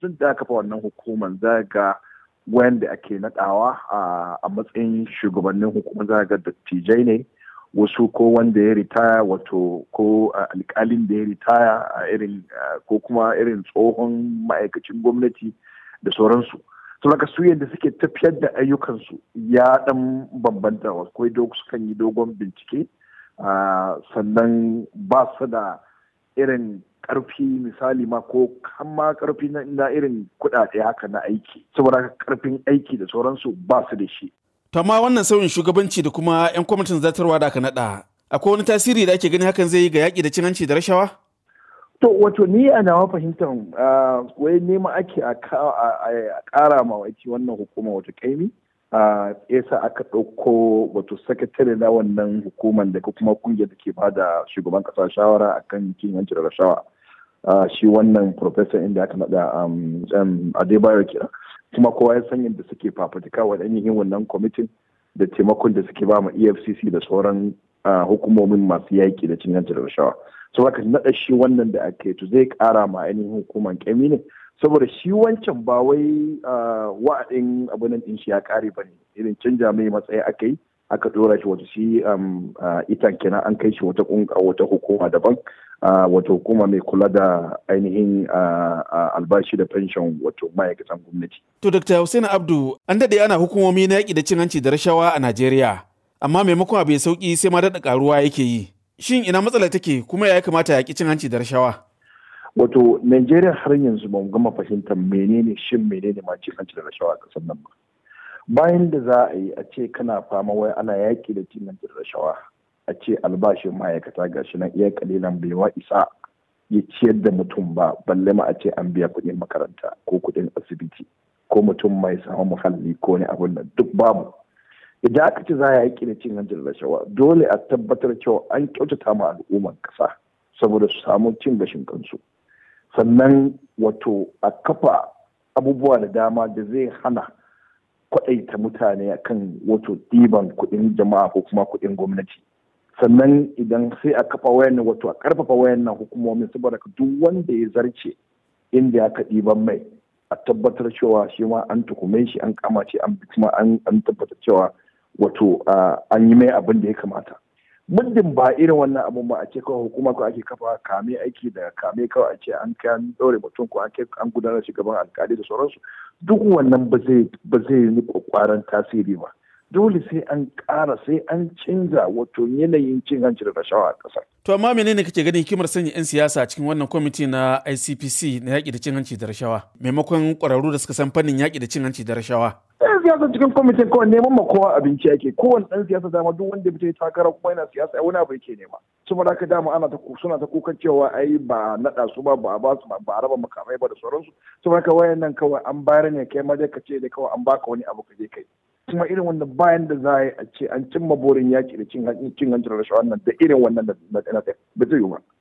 tun da kafa wannan hukumar za ga wanda ake naɗawa a matsayin shugabannin hukumar za ga dattijai ne wasu ko wanda ya ritaya wato ko alkalin da ya ritaya a irin ko kuma irin tsohon ma'aikacin gwamnati da sauransu saboda su yadda suke tafiyar da ayyukansu ya dan bambanta wasu sukan yi dogon bincike sannan ba su da irin karfi misali ma ko kama karfi na irin kuɗaɗe haka na aiki saboda karfin aiki da sauransu ba su da shi to amma wannan sauyin shugabanci da kuma yan kwamitin zartarwa da aka naɗa. akwai wani tasiri da ake gani hakan zai yi ga yaƙi da cin hanci da rashawa to wato ni a nawa fahimtar ah, wai nema ake a ƙara ma wannan hukuma wato kaimi a esa aka ɗauko wato sakatare na wannan hukumar da kuma kungiyar da ke bada shugaban kasa shawara akan cin yanci da rashawa shi wannan professor inda aka naɗa um, um, adebayo kira kuma kowa ya san yadda suke fafatika wa yin wannan kwamitin da taimakon da suke ba ma efcc da sauran hukumomin masu yaƙi da cin yanci da rashawa so haka naɗa shi wannan da ake to zai ƙara ma ainihin hukumar ƙyami ne saboda shi wancan ba wai wa'adin abunan din shi ya kare ba ne irin canja mai matsayi aka yi aka dora shi wata shi itan kenan an kai shi wata wata hukuma daban wata hukuma mai kula da ainihin albashi da fenshon wato ma'aikatan gwamnati. To Dr. Hussein Abdu an daɗe ana hukumomi na yaƙi da cin hanci da rashawa a Najeriya amma maimakon abu ya sauƙi sai ma daɗa ƙaruwa yake yi. Shin ina matsala take kuma ya kamata yaƙi cin hanci da rashawa? wato najeriya har yanzu ba mu gama fahimtar menene shin menene ma cin kanci da rashawa a ƙasar nan ba bayan da za a yi a ce kana fama wai ana yaƙi da cin hanci da rashawa a ce albashin ma'aikata ga shi nan iya kalilan bai wa isa ya ciyar da mutum ba balle ma a ce an biya kuɗin makaranta ko kuɗin asibiti ko mutum mai samun muhalli ko ne abun nan duk babu idan aka ce za a yaƙi da cin hanci da rashawa dole a tabbatar cewa an kyautata ma al'umman kasa saboda su samu cin gashin kansu sannan wato a kafa abubuwa da dama da zai hana kwaɗaita mutane a kan wato ɗiban kuɗin jama'a ko kuma kuɗin gwamnati sannan idan sai a kafa wayan wato a ƙarfafa wayan nan hukumomin saboda ka duk wanda ya zarce inda ya ka ɗiban mai a tabbatar cewa shi ma an tukume shi an kamace an kuma an tabbatar cewa wato an yi mai abin da ya kamata muddin ba irin wannan abun ba a ce kawai hukuma ko ake kafa kame aiki da kame kawai a ce an kan daure mutum ko an gudanar shi gaban alkali da sauransu duk wannan ba zai yi kwakwaran tasiri ba dole sai an kara sai an canza wato yanayin cin hanci da rashawa a kasar. To amma menene kake ganin hikimar sanya 'yan siyasa cikin wannan kwamiti na ICPC na yaƙi da cin hanci da rashawa maimakon kwararru da suka san fannin yaƙi da cin hanci da rashawa? siyasa cikin kwamitin kawai neman ma kowa abinci ake. kowane ɗan siyasa dama duk wanda bai takara kuma yana siyasa ya wani abu yake nema saboda haka dama ana ta suna ta kuka cewa ai ba naɗa su ba ba ba su ba a raba makamai ba da sauransu saboda kawai nan kawai an bayar ne kai ma ka ce da kawai an baka wani abu ka je kai kuma irin wanda bayan da za a ce an cimma burin yaki da cin hancin rashawa nan da irin wannan da na ba zai yiwu ba